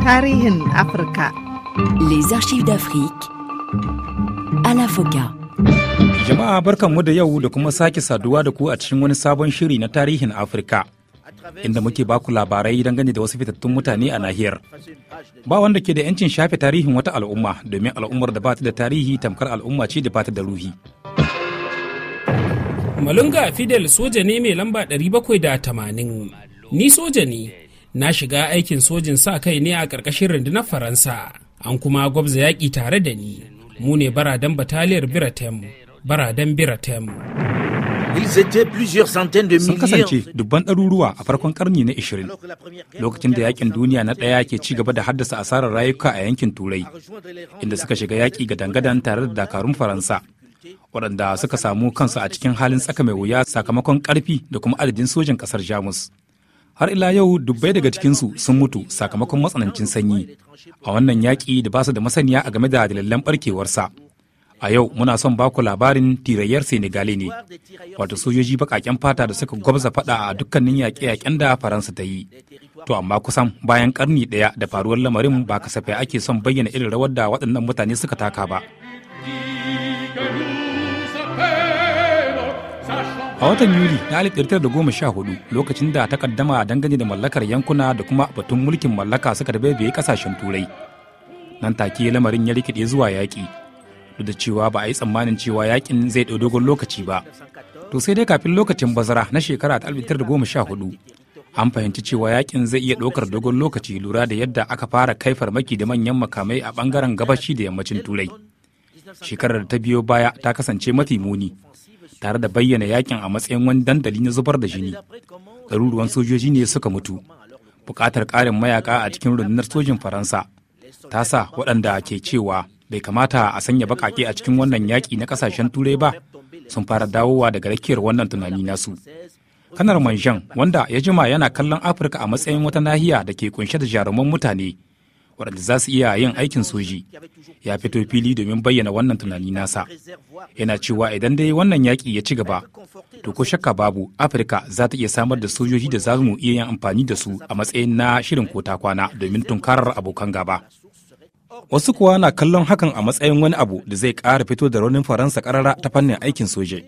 Tarihin Afirka. Les Archives d'Afrique, Ala Foka. Jama'a barkanmu da yau da kuma sake saduwa da ku a cikin wani sabon shiri na tarihin Afirka. Inda muke baku labarai dangane da wasu fitattun mutane a nahiyar. Ba wanda ke da 'yancin shafe tarihin wata al'umma domin al'ummar da ba ta da tarihi tamkar al'umma ce da ba ta da ruhi. Malunga Fidel soja ne mai lamba 780. Ni soja ne, na shiga aikin sojin sa kai ne a ƙarƙashin rundunar faransa an kuma gwabza yaƙi tare da ni mu ne baradan bataliyar biratem baradan biratem sun kasance dubban ɗaruruwa a farkon ƙarni na 20 lokacin da yaƙin duniya na ɗaya ke ci gaba da haddasa asarar rayuka a yankin turai inda suka shiga yaƙi ga dangadan tare da dakarun faransa waɗanda suka samu kansu a cikin halin tsaka mai wuya sakamakon ƙarfi da kuma adadin sojin ƙasar jamus har ila yau dubbai daga cikinsu sun mutu sakamakon matsanancin sanyi a wannan yaƙi da ba su da masaniya a game da dalilan barkewarsa a yau muna son baku labarin tirayyar senegale ne wato sojoji baƙaƙen fata da suka gwabza faɗa a dukkanin yaƙe-yaƙen da faransa ta yi to amma kusan bayan ƙarni ɗaya da faruwar lamarin ba kasafai ake son bayyana irin rawar da waɗannan mutane suka taka ba a watan yuli na 1914 lokacin da ta kaddama dangane da mallakar yankuna da kuma batun mulkin mallaka suka da dabaibaye kasashen turai nan take lamarin ya rikide zuwa yaƙi duk da cewa ba a yi tsammanin cewa yaƙin zai ɗau dogon lokaci ba to sai dai kafin lokacin bazara na shekara ta 1914 an fahimci cewa yaƙin zai iya ɗaukar dogon lokaci lura da yadda aka fara kai farmaki da manyan makamai a bangaren gabashi da yammacin turai shekarar da ta biyo baya ta kasance mafi muni tare da bayyana yakin a matsayin wani dandali na zubar da jini ɗaruruwan sojoji ne suka mutu buƙatar ƙarin mayaka a cikin rundunar sojin faransa ta sa waɗanda ke cewa bai kamata a sanya baƙaƙe a cikin wannan yaƙi na ƙasashen turai ba sun fara dawowa daga rakiyar wannan tunani nasu kanar manjan wanda ya jima yana kallon afirka a matsayin wata nahiya da ke kunshe da jaruman mutane waɗanda za su iya yin aikin soji ya fito fili domin bayyana wannan tunani nasa yana cewa idan dai wannan yaƙi ya ci gaba to ko shakka babu afirka za ta iya samar da sojoji da za mu iya yin amfani da su a matsayin na shirin kota kwana domin tunkarar abokan gaba wasu kuwa na kallon hakan a matsayin wani abu da zai ƙara fito da raunin faransa ƙarara ta fannin aikin soje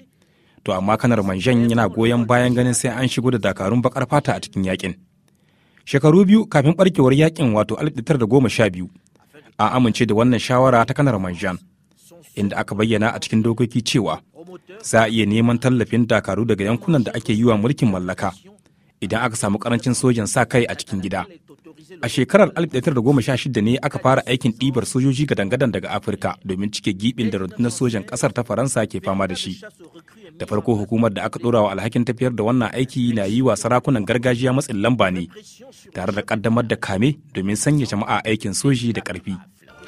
to amma kanar manjan yana goyon bayan ganin sai an shigo da dakarun bakar fata a cikin yaƙin shekaru biyu kafin barkewar yakin wato biyu a amince da wannan shawara ta kanar manjan inda aka bayyana a cikin dokoki cewa za a iya neman tallafin dakaru daga yankunan da ake yi wa mulkin mallaka idan aka samu karancin sojan sa kai a cikin gida A shekarar 1916 ne aka fara aikin ɗibar sojoji ga dangadan daga Afirka domin cike gibin da rundunar sojan ƙasar ta Faransa ke fama da shi. Da farko hukumar da aka ɗora wa alhakin tafiyar da wannan aiki na yi wa sarakunan gargajiya matsin lamba ne, tare da ƙaddamar da kame domin sanya jama'a aikin soji da ƙarfi.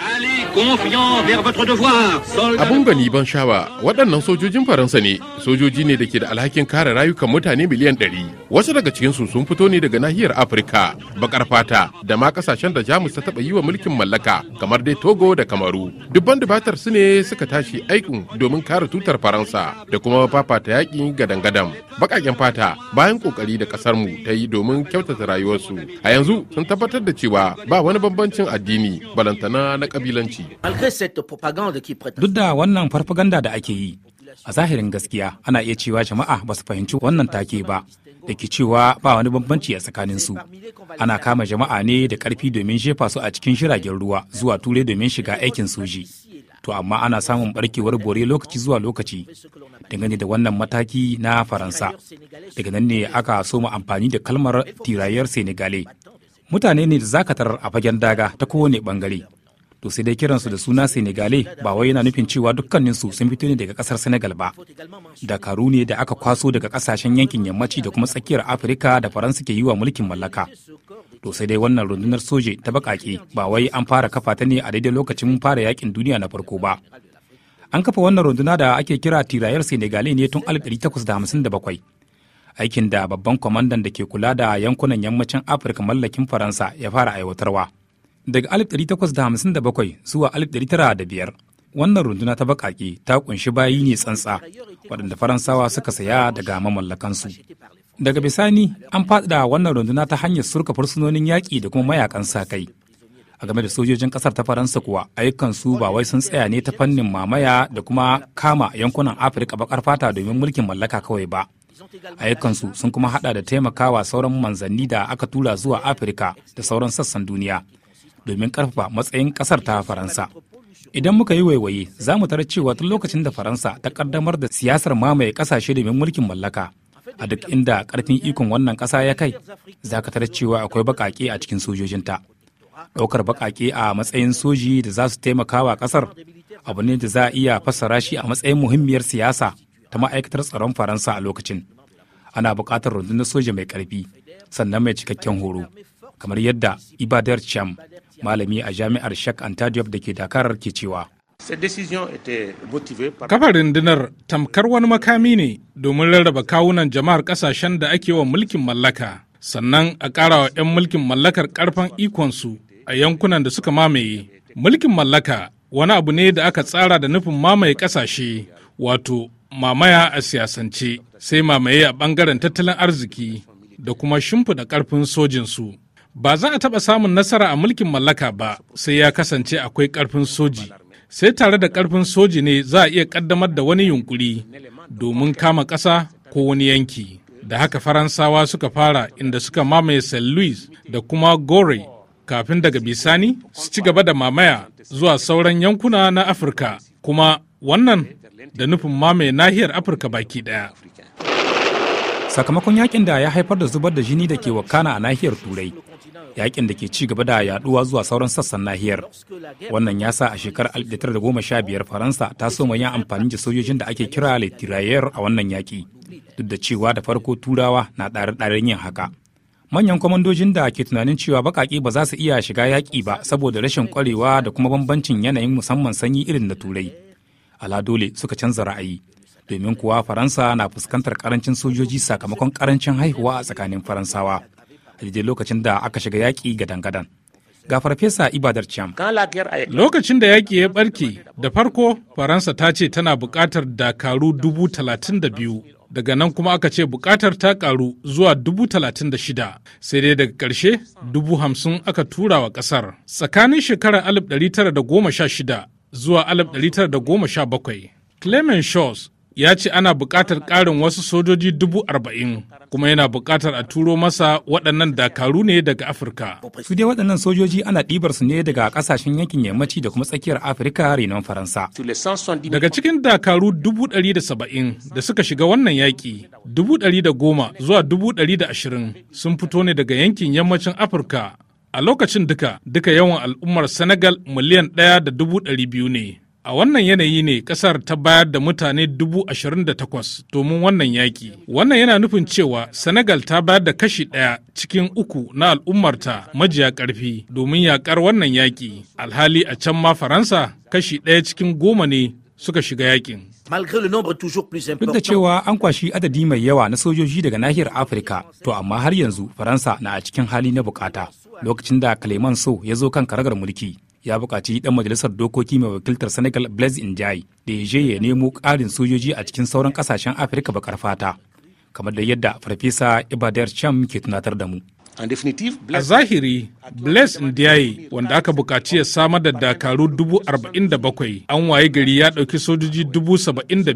Ali Abun gani ban shawa waɗannan sojojin Faransa ne, sojoji ne da ke da alhakin kare rayukan mutane miliyan ɗari. Wasu daga cikinsu sun fito ne daga nahiyar Afirka, bakar fata da ma ƙasashen da Jamus ta taɓa yi wa mulkin mallaka kamar dai Togo da Kamaru. Dubban dubatar su ne suka tashi aikin domin kare tutar Faransa da kuma fafata yaƙin gadan-gadan. Baƙaƙen fata bayan ƙoƙari da ƙasar mu ta yi domin kyautata rayuwarsu. A yanzu sun tabbatar da cewa ba wani bambancin addini balantana na ƙabilanci. Duk da wannan farfaganda da ake yi, a zahirin gaskiya ana iya cewa jama'a ba su fahimci wannan take ba da ke cewa ba wani bambanci a tsakaninsu ana kama jama'a ne da karfi domin shefa su a cikin shiragen ruwa zuwa ture domin shiga aikin soji to amma ana samun barkewar bore lokaci zuwa lokaci dangane da wannan mataki na faransa daga nan ne aka soma amfani da kalmar tirayyar senegale mutane ne da zakatar a fagen daga ta kowane bangare to sai dai kiransu da suna senegale ba wai yana nufin cewa dukkaninsu sun fito ne daga kasar senegal ba dakaru ne da aka kwaso daga kasashen yankin yammaci da kuma tsakiyar afirka da faransa ke yi wa mulkin mallaka to sai dai wannan rundunar soje ta bakake ba wai an fara kafa ta ne a daidai lokacin fara yakin duniya na farko ba an kafa wannan runduna da ake kira tirayar senegale ne tun 1857 aikin da babban kwamandan da ke kula da yankunan yammacin afirka mallakin faransa ya fara aiwatarwa Daga 1857 zuwa 1905 wannan runduna ta baƙaƙe ta ƙunshi bayi ne tsantsa waɗanda Faransawa suka saya daga mamallakansu. Daga bisani an faɗaɗa wannan runduna ta hanyar surka fursunonin yaƙi da kuma mayakan sa kai. a game da sojojin ƙasar ta faransa kuwa ayyukan su ba wai sun tsaya ne ta fannin mamaya da kuma kama yankunan afirka baƙar fata domin mulkin mallaka kawai ba ayyukansu sun kuma haɗa da taimakawa sauran manzanni da aka tura zuwa afirka da sauran sassan duniya domin ƙarfafa matsayin ƙasar ta Faransa. Idan muka yi waiwaye za mu tarar cewa tun lokacin da Faransa ta ƙaddamar da siyasar mamaye ƙasashe domin mulkin mallaka. A duk inda karfin ikon wannan ƙasa ya kai, za ka tarar cewa akwai baƙaƙe a cikin sojojinta. Ɗaukar baƙaƙe a matsayin soji da za su taimaka wa ƙasar abu ne da za a iya fassara shi a matsayin muhimmiyar siyasa ta ma'aikatar tsaron Faransa a lokacin. Ana buƙatar rundunar soja mai ƙarfi sannan mai cikakken horo kamar yadda ibadar cham malami a jami'ar shak antadiop da ke Dakar ke cewa. Kafa rundunar tamkar wani makami ne domin rarraba kawunan jama'ar kasashen da ake wa mulkin mallaka, sannan a ƙara wa 'yan mulkin mallakar ƙarfin ikonsu a yankunan da suka mamaye. Mulkin mallaka wani abu ne da aka tsara da nufin mamaye ƙasashe, wato mamaya a siyasance, sai mamaye a ɓangaren tattalin arziki da kuma shimfiɗa ƙarfin sojinsu. Ba za a taɓa samun nasara a mulkin mallaka ba sai ya kasance akwai ƙarfin soji. Sai tare da ƙarfin soji ne za a iya ƙaddamar da wani yunkuri domin kama ƙasa ko wani yanki. Da haka Faransawa suka fara inda suka mamaye St. Louis da kuma Gore kafin daga bisani su ci gaba da mamaya zuwa sauran yankuna na Afirka kuma wannan da nufin mamaye nahiyar Afirka baki ɗaya. Sakamakon yakin da ya haifar da zubar da jini da ke wakana a nahiyar Turai yakin da ke ci gaba da yaduwa zuwa sauran sassan nahiyar wannan ya sa a shekarar 1915 faransa ta soma yin amfani da sojojin da ake kira le a wannan yaki duk da cewa da farko turawa na ɗare-ɗaren yin haka manyan kwamandojin da ke tunanin cewa baƙaƙe ba za su iya shiga yaƙi ba saboda rashin ƙwarewa da kuma bambancin yanayin musamman sanyi irin na turai ala dole suka canza ra'ayi domin kuwa faransa na fuskantar karancin sojoji sakamakon karancin haihuwa a tsakanin faransawa daidai lokacin da aka shiga yaƙi gadan dangadan Ga Farfesa Ibadar Cham. Lokacin da yaƙi ya ɓarke, da farko Faransa ta ce tana buƙatar dakaru dubu talatin da biyu daga nan kuma aka ce buƙatar ta ƙaru zuwa dubu talatin da shida sai dai daga ƙarshe dubu hamsin aka tura wa ƙasar tsakanin shekarar alif ɗari tara da goma sha shida zuwa alif ɗari tara da goma sha bakwai clement shaws ya ce ana buƙatar ƙarin wasu sojoji dubu arba'in kuma yana buƙatar a turo masa waɗannan dakaru ne daga afirka su dai waɗannan sojoji ana ɗibar su ne daga ƙasashen yankin yammaci da kuma tsakiyar afirka renon faransa daga cikin dakaru dubu ɗari da saba'in da suka shiga wannan yaƙi dubu ɗari da goma zuwa dubu ɗari da ashirin sun fito ne daga yankin yammacin afirka a lokacin duka duka yawan al'ummar senegal miliyan ɗaya da dubu ɗari biyu ne A wannan yanayi ne kasar ta bayar da mutane dubu ashirin da takwas domin wannan yaƙi. Wannan yana nufin cewa Senegal ta bayar da kashi ɗaya cikin uku na al'ummarta majiya ƙarfi domin yaƙar wannan yaƙi. Alhali a can ma Faransa kashi ɗaya cikin goma ne suka shiga yaƙin. Duk da cewa an kwashi adadi mai yawa na sojoji daga nahiyar Afirka, to amma har yanzu Faransa na a cikin hali na bukata. Lokacin da Clement So ya zo kan karagar mulki, ya buƙaci ɗan majalisar dokoki mai wakiltar Senegal Blaise Ndiaye da ya je ya nemo ƙarin sojoji a cikin sauran ƙasashen Afirka bakar fata, kamar da yadda Farfesa Ibadar Cham ke tunatar da mu. A zahiri, Blaise Ndiaye wanda aka bukaci ya samar da dakaru 47 an waye gari ya ɗauki sojoji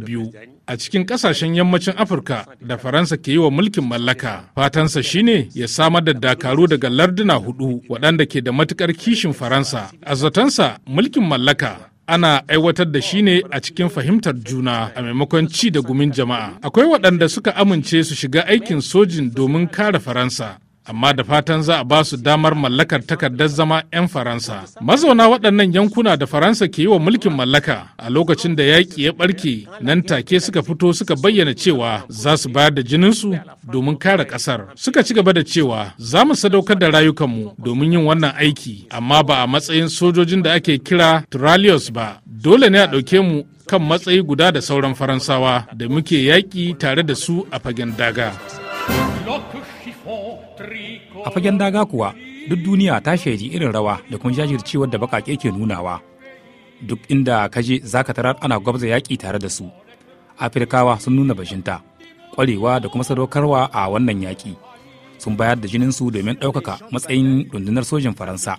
biyu. a cikin kasashen yammacin afirka da faransa ke yi wa mulkin mallaka fatansa shine ya samar da dakaru daga larduna hudu waɗanda ke da matukar kishin faransa a zatonsa mulkin mallaka ana aiwatar da shi ne a cikin fahimtar juna a maimakon ci da gumin jama'a akwai waɗanda suka amince su shiga aikin sojin domin kare faransa amma da fatan za a ba su damar mallakar takardar zama 'yan Faransa. Mazauna waɗannan yankuna da Faransa ke yi wa mulkin mallaka a lokacin da yaƙi ya ɓarke nan take suka fito suka bayyana cewa za su bayar da jininsu domin kare ƙasar. Suka ci gaba da cewa za mu sadaukar da rayukanmu domin yin wannan aiki amma ba a matsayin sojojin da ake kira Turalios ba. Dole ne a ɗauke mu kan matsayi guda da sauran Faransawa da muke yaƙi tare da su a fagen daga. a fagen daga kuwa duk duniya ta shaidi irin rawa da kuma jajircewar da bakake ke nunawa duk inda ka je za ka tarar ana gwabza yaƙi tare da su afirkawa sun nuna bashinta ƙwarewa da kuma sadaukarwa a wannan yaƙi sun bayar da jininsu domin ɗaukaka matsayin rundunar sojin faransa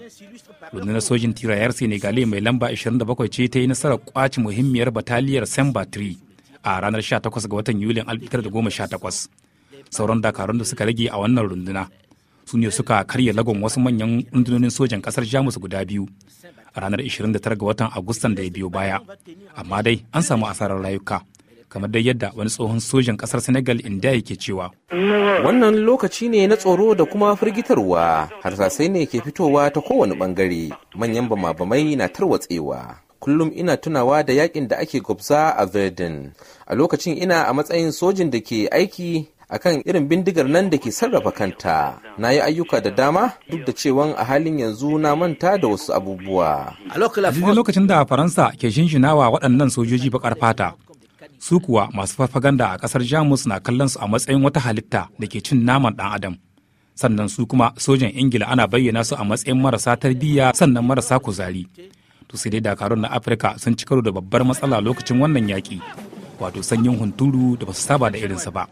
rundunar sojin tirayar senegale mai lamba 27 ce ta yi nasarar kwaci muhimmiyar bataliyar semba 3 a ranar 18 ga watan yulin 1918 sauran dakarun da suka rage a wannan runduna su ne suka karya lagon wasu manyan rundunonin sojan kasar jamus guda biyu a ranar 29 ga watan agustan da ya biyo baya amma dai an samu asarar rayuka kamar dai yadda wani tsohon sojan kasar senegal inda yake cewa wannan lokaci ne na tsoro da kuma firgitarwa harsasai ne ke fitowa ta kowane bangare manyan bama-bamai na tarwatsewa kullum ina tunawa da yakin da ake gwabza a verdun a lokacin ina a matsayin sojin da ke aiki akan irin bindigar nan da ke sarrafa kanta na yi ayyuka da dama duk da cewa a halin yanzu na manta da wasu abubuwa a lokacin da faransa ke shinshinawa waɗannan sojoji baƙar fata su kuwa masu farfaganda a ƙasar jamus na kallon su a matsayin wata halitta da ke cin naman ɗan adam sannan su kuma sojan ingila ana bayyana su a matsayin marasa tarbiyya sannan marasa kuzari to sai dai dakarun na afirka sun ci da babbar matsala lokacin wannan yaƙi wato sanyin hunturu da ba su saba da irinsa ba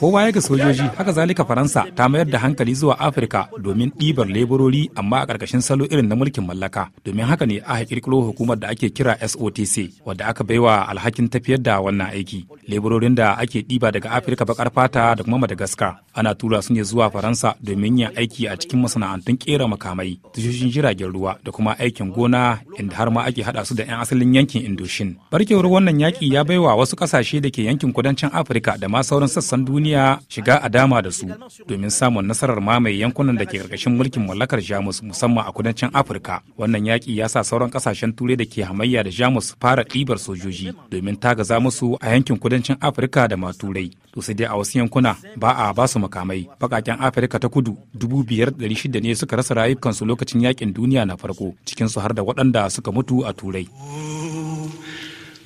kowa ya ga sojoji haka zalika faransa ta mayar da hankali zuwa afirka domin ɗibar leburori amma a ƙarƙashin salo irin na mulkin mallaka domin haka ne aka kirkiro hukumar da ake kira sotc wadda aka baiwa alhakin tafiyar da wannan aiki leburorin da ake ɗiba daga afirka baƙar fata da kuma madagascar ana tura su ne zuwa faransa domin yin aiki a cikin masana'antun ƙera makamai tashoshin jiragen ruwa da kuma aikin gona inda har ma ake haɗa su da 'yan asalin yankin indoshin barkewar wannan yaƙi ya bai baiwa wasu kasashe da ke yankin kudancin afirka da ma sauran sassan duniya shiga a dama da su domin samun nasarar mamaye yankunan da ke karkashin mulkin mallakar jamus musamman a kudancin afirka wannan yaƙi ya sa sauran kasashen turai da ke hamayya da jamus fara ɗibar sojoji domin tagaza musu a yankin kudancin afirka da ma turai to sai dai a wasu yankuna ba a ba su makamai baƙaƙen afirka ta kudu dubu biyar ɗari shida ne suka rasa rayukansu lokacin yaƙin duniya na farko cikinsu har da waɗanda suka mutu a turai.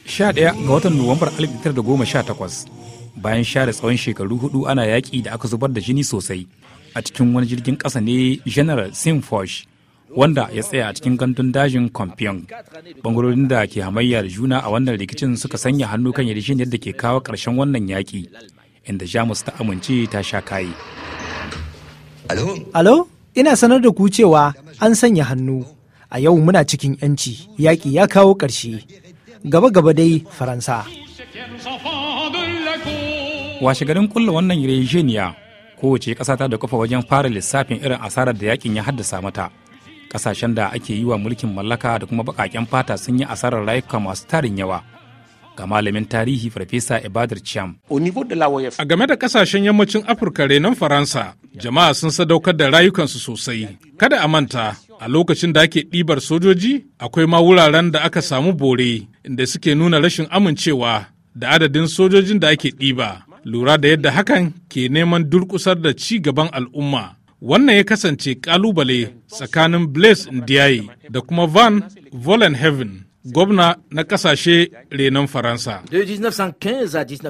11 ga watan Nuwambar 1918 bayan share tsawon shekaru hudu ana yaƙi da aka zubar da jini sosai a cikin wani jirgin ƙasa ne General Simfosh wanda ya tsaya a cikin gandun dajin Compiègne. Bangarorin da ke hamayya da juna a wannan rikicin suka sanya hannu kan yarjejeniyar da ke kawo ƙarshen wannan yaƙi inda Jamus ta amince ta sha kayi Alo? Ina sanar da ku cewa an sanya hannu. A yau muna cikin 'yanci, yaƙi ya kawo ƙarshe. gaba-gaba dai faransa washegarin kulla wannan yarjejeniya kowace kasa ta da kafa wajen fara lissafin irin asarar da yakin ya haddasa mata kasashen da ake yi wa mulkin mallaka da kuma baƙaƙen fata sun yi asarar rayuka masu tarin yawa ga malamin tarihi farfesa ibadar chiam a game da kasashen yammacin afirka renon faransa jama'a sun sadaukar da rayukansu sosai kada a manta a lokacin da ake ɗibar sojoji akwai ma wuraren da aka samu bore inda suke nuna rashin amincewa da adadin sojojin da ake ɗiba lura da yadda hakan ke neman durƙusar da ci gaban al'umma wannan ya kasance kalubale tsakanin blaise ndiaye da kuma van vollenheaven gwamna na kasashe renon faransa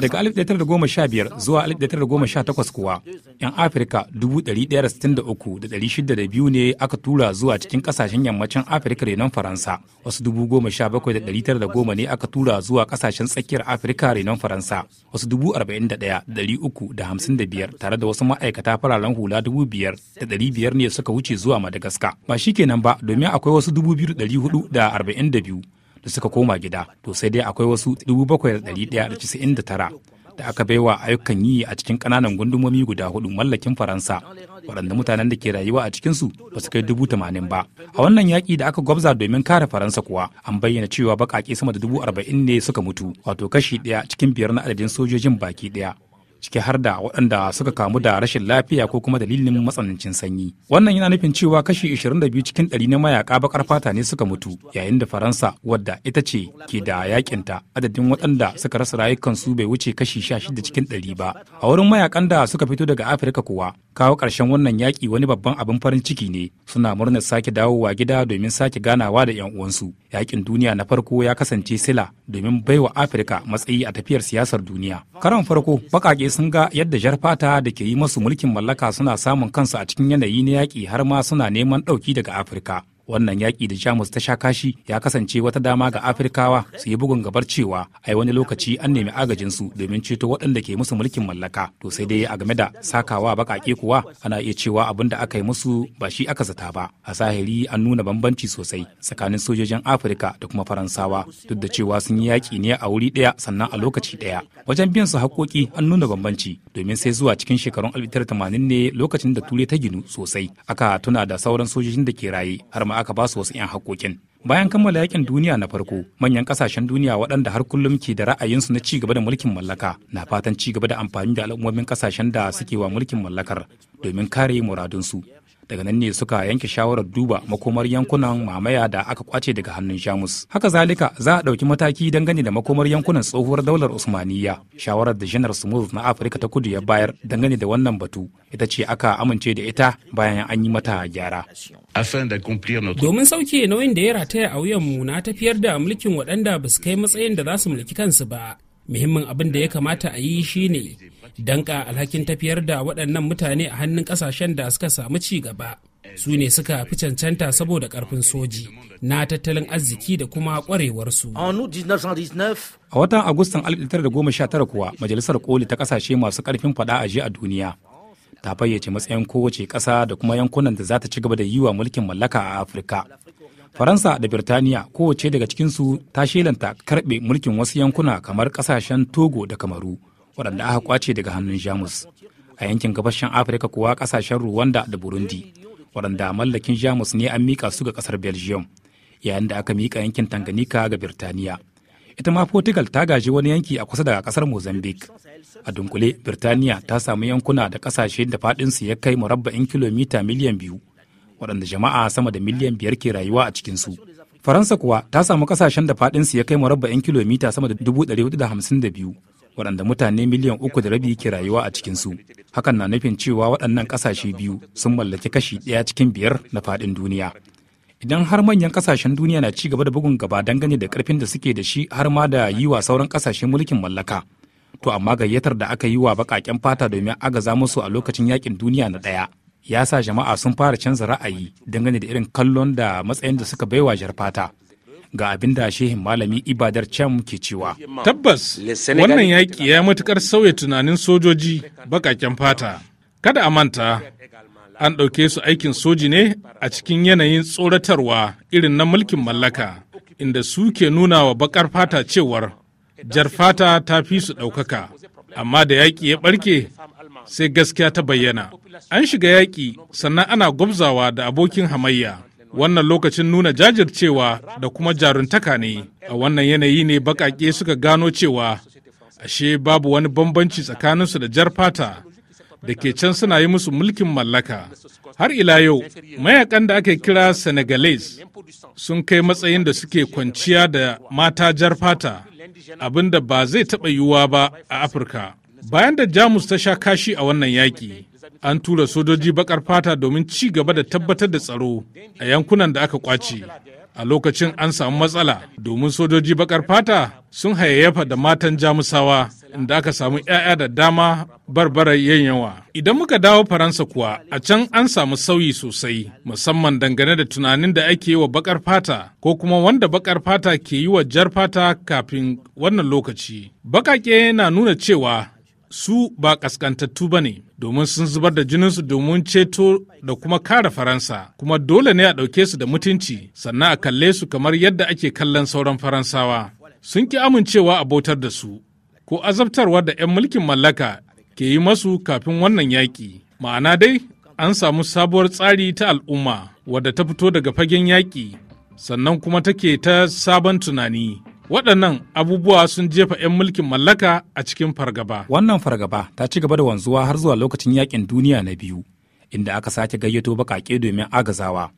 daga 1915 zuwa 1918 kuwa 'yan afirka 163,602 ne aka tura zuwa cikin kasashen yammacin afirka renon faransa wasu 17,910 ne aka tura zuwa kasashen tsakiyar afirka renon faransa wasu 41,355 tare da wasu ma'aikata fararen hula 5,500 ne suka wuce zuwa madagascar ba shi kenan ba domin akwai wasu 2,442 da suka koma gida to sai dai akwai wasu 7,199 da aka baiwa ayyukan yi a cikin ƙananan gundumomi guda hudu mallakin faransa waɗanda mutanen da ke rayuwa a cikinsu ba su kai dubu tamanin ba a wannan yaƙi da aka gwabza domin kare faransa kuwa an bayyana cewa baƙaƙe sama da dubu arba'in ne suka mutu wato kashi ɗaya cikin biyar na adadin sojojin baki ɗaya ciki har da waɗanda suka kamu da rashin lafiya ko kuma dalilin matsanancin sanyi wannan yana nufin cewa kashi 22 cikin 100 na mayaka baƙar fata ne suka mutu yayin da faransa wadda ita ce ke da yaƙinta adadin waɗanda suka rasa rayukansu bai wuce kashi 16 cikin 100 ba a wurin mayakan da suka fito daga afirka kuwa kawo ƙarshen wannan yaƙi wani babban abin farin ciki ne suna murnar sake dawowa gida domin sake ganawa da 'yan uwansu yaƙin duniya na farko ya kasance sila domin baiwa afirka matsayi a tafiyar siyasar duniya karon farko baƙaƙe sun ga yadda jarfata da ke yi masu mulkin mallaka suna samun kansu a cikin yanayi na yaƙi har ma suna neman ɗauki daga afirka wannan yaƙi da jamus ta sha kashi ya kasance wata dama ga afirkawa su yi bugun gabar cewa ai wani lokaci an nemi agajinsu domin ceto waɗanda ke musu mulkin mallaka to sai dai a game da sakawa baƙaƙe kuwa ana iya cewa abin da aka yi musu ba shi aka zata ba a zahiri an nuna bambanci sosai tsakanin sojojin afirka da kuma faransawa duk da cewa sun yi yaƙi ne a wuri ɗaya sannan a lokaci ɗaya wajen biyan su haƙƙoƙi an nuna bambanci domin sai zuwa cikin shekarun 1980 ne lokacin da ture ta ginu sosai aka tuna da sauran sojojin da ke raye har ma kuma aka ba su wasu 'yan haƙoƙin. Bayan kammala yakin duniya na farko, manyan ƙasashen duniya waɗanda har kullum ke da ra'ayinsu na ci gaba da mulkin mallaka na fatan ci gaba da amfani da al'ummomin ƙasashen da suke wa mulkin mallakar domin kare muradunsu. daga nan ne suka yanke shawarar duba makomar yankunan mamaya da aka kwace daga hannun jamus haka zalika za a ɗauki mataki dangane da makomar yankunan tsohuwar daular usmaniyya shawarar da janar smooth na afirka ta kudu ya bayar dangane da wannan batu ita ce aka amince da ita bayan an yi mata gyara domin sauke nauyin da ya rataya a wuyan mu na tafiyar da mulkin waɗanda ba su kai matsayin da za su mulki kansu ba muhimmin abin da ya kamata a yi shine danka alhakin tafiyar da waɗannan mutane a hannun ƙasashen da suka samu ci gaba su ne suka fi cancanta saboda ƙarfin soji na tattalin arziki da kuma ƙwarewarsu. a watan agustan 1919 kuwa majalisar koli ta ƙasashe masu ƙarfin faɗa a a duniya ta fayyace matsayin kowace ƙasa da kuma yankunan da za ta ci gaba da yi wa mulkin mallaka a afirka faransa da birtaniya kowace daga cikinsu ta shelanta karbe mulkin wasu yankuna kamar kasashen togo da kamaru waɗanda aka kwace daga hannun jamus a yankin gabashin afirka kuwa kasashen rwanda da burundi waɗanda mallakin jamus ne an mika su ga ƙasar belgium yayin da aka mika yankin tanganyika ga birtaniya ita ma portugal ta gaji wani yanki a kusa da kasar mozambique a dunkule birtaniya ta samu yankuna da kasashe da faɗinsu ya kai murabba'in kilomita miliyan biyu waɗanda jama'a sama da miliyan biyar ke rayuwa a cikinsu. Faransa kuwa ta samu ƙasashen da faɗinsu ya kai murabba'in kilomita sama da biyu waɗanda mutane miliyan uku da rabi ke rayuwa a cikinsu. Hakan na nufin cewa waɗannan ƙasashe biyu sun mallaki kashi ɗaya cikin biyar na faɗin duniya. Idan har manyan ƙasashen duniya na ci gaba da bugun gaba dangane da ƙarfin da suke da shi har ma da yi wa sauran ƙasashe mulkin mallaka. To amma gayyatar da aka yi wa baƙaƙen fata domin agaza musu a lokacin yaƙin duniya na ɗaya. ya sa jama'a sun fara canza ra'ayi dangane da irin kallon da matsayin da suka baiwa jarfata ga abin da shehin malami ibadar cham ke cewa tabbas wannan yaƙi ya matukar sauya tunanin sojoji baƙaƙen fata kada a manta an ɗauke su aikin soji ne a cikin yanayin tsoratarwa irin na mulkin mallaka inda su ke nuna wa baƙar fata cewar jar fata ta fi su ɗaukaka amma da yaƙi ya ɓarke sai gaskiya ta bayyana. An shiga yaƙi sannan ana gwabzawa da abokin hamayya. Wannan lokacin nuna jajircewa da kuma jaruntaka ne. A wannan yanayi ne baƙaƙe suka gano cewa ashe babu wani bambanci tsakaninsu da jar fata da ke can suna yi musu mulkin mallaka. Har ila yau, mayakan da aka kira Senegalese sun kai matsayin da suke kwanciya da mata jar fata, abin ba zai taɓa yiwuwa ba a Afirka. Bayan da Jamus ta sha kashi a wannan yaƙi, an tura sojoji baƙar fata domin ci gaba da tabbatar da tsaro a yankunan da aka kwace. A lokacin an samu matsala domin sojoji baƙar fata sun hayayyafa da matan Jamusawa inda aka samu 'ya'ya da dama barbarar yawa. Idan muka dawo Faransa kuwa a can an samu sauyi sosai musamman dangane da tunanin da ake yi wa baƙar fata ko kuma wanda baƙar fata ke yi wa jar fata kafin wannan lokaci. Baƙaƙe na nuna cewa su ba kaskantattu ba ne domin sun zubar da jininsu domin ceto da kuma kare faransa kuma dole ne a ɗauke su da mutunci sannan a kalle su kamar yadda ake kallon sauran faransawa sun ki amincewa a bautar da su ko azabtarwa da 'yan mulkin mallaka ke yi masu kafin wannan yaƙi ma'ana dai an samu sabuwar tsari ta al'umma wadda ta fito daga fagen yaƙi sannan kuma take ta sabon tunani waɗannan abubuwa sun jefa 'yan mulkin mallaka a cikin fargaba. Wannan fargaba ta ci gaba da wanzuwa har zuwa lokacin yakin duniya na biyu, inda aka sake gayyato baƙaƙe domin agazawa.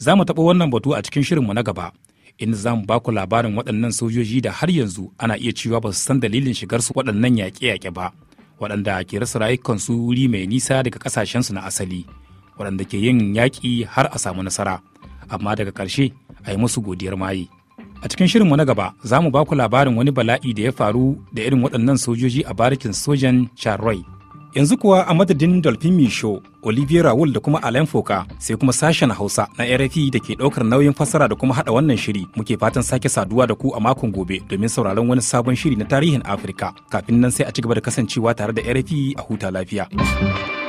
Za mu taɓa wannan batu a cikin shirinmu na gaba, inda za mu baku labarin waɗannan sojoji da har yanzu ana iya cewa ba su san dalilin shigarsu waɗannan yaƙe-yaƙe ba, waɗanda ke rasa rayukansu wuri mai nisa daga ƙasashensu na asali, waɗanda ke yin yaƙi har a samu nasara, amma daga ƙarshe a yi musu godiyar maye. A cikin shirinmu na gaba za mu baku labarin wani bala'i da ya faru da irin waɗannan sojoji a barikin sojan Charroy. Yanzu kuwa a madadin Dolphin Misho, Olivier Raoul da kuma Alain Foka sai kuma sashen Hausa na RFI da ke ɗaukar nauyin fassara da kuma haɗa wannan shiri muke fatan sake saduwa da ku a makon gobe domin sauraron wani sabon shiri na tarihin Afirka. Kafin nan sai a ci gaba da kasancewa tare da RFI a huta lafiya.